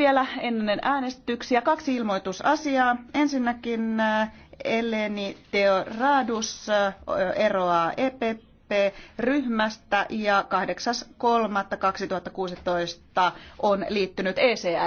vielä ennen äänestyksiä kaksi ilmoitusasiaa. Ensinnäkin äh, Eleni Teoradus äh, eroaa EPP-ryhmästä ja 8.3.2016 on liittynyt ECR.